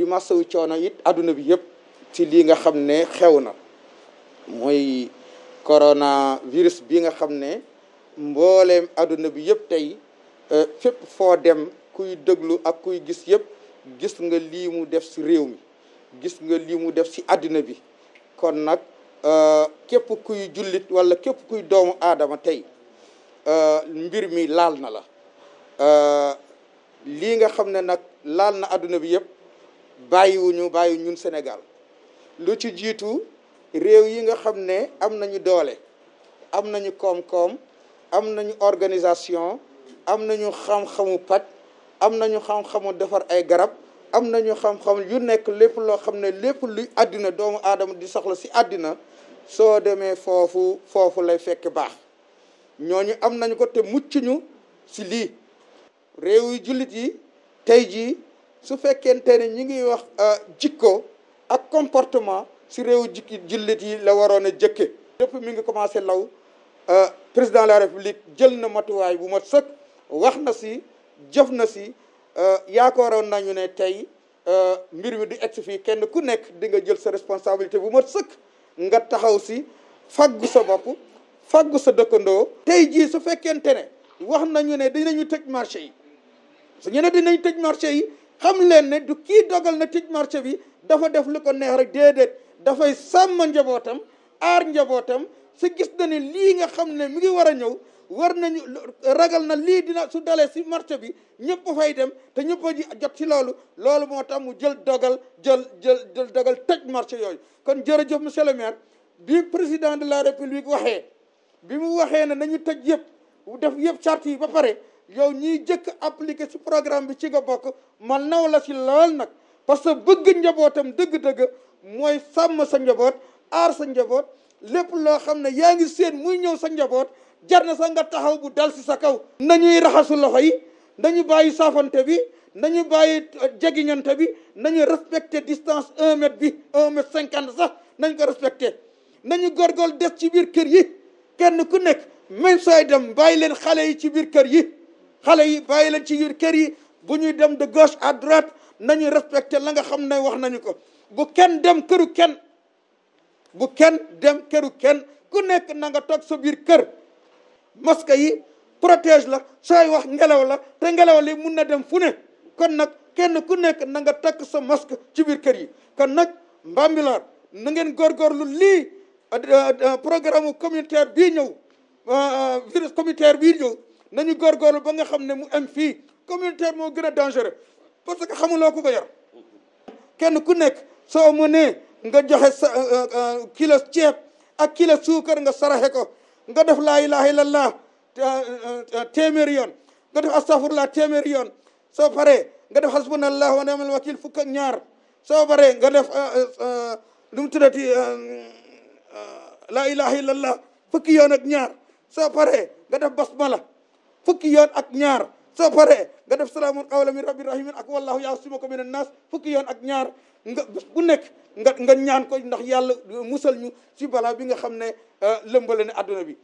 di masawu coono it adduna bi yëpp ci lii nga xam ne xew na mooy coronavirus bi nga xam ne mbooleem adduna bi yëpp tey e, fépp foo dem kuy déglu ak kuy gis yëpp gis nga lii mu def si réew mi gis nga lii mu def ci adduna bi kon nag e, képp kuy jullit wala képp kuy doomu aadama tey e, mbir mi laal na la lii nga xam ne nag laal na adduna bi yëpp bàyyiwuñu bàyyi ñun Sénégal lu ci jiitu réew yi nga xam ne am nañu doole am nañu koom-koom am nañu organisation am nañu xam-xamu paj am nañu xam-xamu defar ay garab am nañu xam-xam yu nekk lépp loo xam ne lépp luy àddina doomu aadama di soxla si àddina soo demee foofu foofu lay fekk baax ñooñu am nañu ko te mucc ñu lii réew yu jullit yi tey jii su fekkente ne ñi ngi wax euh, jikko ak comportement si réew jikki jullit yi la waroon a jëkke depuis mi ngi commencé law euh, président la république jël na matuwaay bu mat sëkk wax na si jëf na si euh, yaakaaroon nañu ne tey mbir mi di egsi fii kenn ku nekk di nga jël sa responsabilité bu ma sëkk nga taxaw si fag sa bopp faggu sa dëkkandoo tey jii su fekkente ne wax nañu ne dinañu tëj marché yi su ñu ne dinañ tëj marché yi xam leen ne du kii dogal na tëj marché bi dafa def lu ko neex rek déedéet dafay sàmm njabootam aar njabootam si gis na ne lii nga xam ne mi ngi war a ñëw war nañu ragal na lii dina su dalee si marché bi ñëpp fay dem te ñëpp a jot si loolu loolu moo tax mu jël dogal jël jël jël dogal tëj marché yooyu kon jërëjëf monsieur le maire bi président de la république waxee bi mu waxee ne nañu tëj yëpp def yëpp charte yi ba pare yow ñuy jëkk appliqué ci programme bi ci nga bokk ma naw la ci lool nag parce que bëgg njabootam dëgg-dëgg mooy sàmm sa njaboot aar sa njaboot lépp loo xam ne yaa ngi seen muy ñëw sa njaboot jar na sax nga taxaw bu dal ci sa kaw nañuy raxasu loxo yi nañu bàyyi saafante bi nañu bàyyi euh, jegiñante bi nañu respecté distance un mètre bi un mètre cinquante sax nañ ko respecté nañu góorgóorlu des ci biir kër yi kenn ku nekk même sooy dem bàyyi leen xale yi ci biir kër yi xale yi bàyyi leen ci yur kër yi bu ñuy dem de gauche à droite nañu respecté la nga xam ne wax nañu ko bu kenn dem këru kenn bu kenn dem këru kenn ku nekk na nga toog sa biir kër mosquée yi protège la sooy wax ngelaw la te ngelaw li mun na dem fu ne kon nag kenn ku nekk na nga takk sa masque ci biir kër yi kon nag Mbambilor na ngeen góorgóorlu lii euh, euh, programme communautaire bii ñëw euh, virus communautaire bii ñëw nañu gor gor ba nga xamne mu am fi communautaire mo gëna dangereux parce que xamul loko ko yor kenn ku nekk mo ne nga joxe kilo ciep ak kilo suukar nga saraxe ko nga def la ilaha illallah témer yon nga def astaghfirullah témer yon so paré nga def hasbunallahu wa ni'mal wakil fuk ak ñaar so paré nga def lu mu tuddati laa ilaha illallah fuk yon ak ñaar so paré nga def basmala fukki yoon ak ñaar soo paree nga def salaamun qawlan min rabbin rahimin ak wallahu yaasimuka min annaas fukki yoon ak ñaar nga bu nekk nga nga ñaan ko ndax yàlla musal ñu ci balaa bi nga xam ne euh, lëmbale ne adduna bi